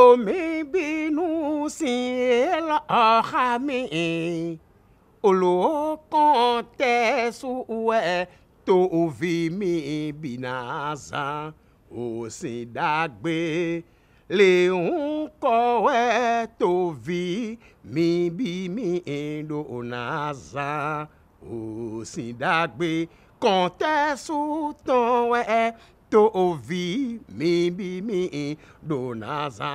omi bínú sí i lọ́ọ̀ha mi olùkọ́ tẹ̀sùwẹ̀ tó fi mi bìnà san ó sì dágbé lèun kọ̀wé tó fi mi bí mi lọ́nà san ó sì dágbé kọ́ńtẹ́sù tán wẹ́ to ovi mi bi mi do naza.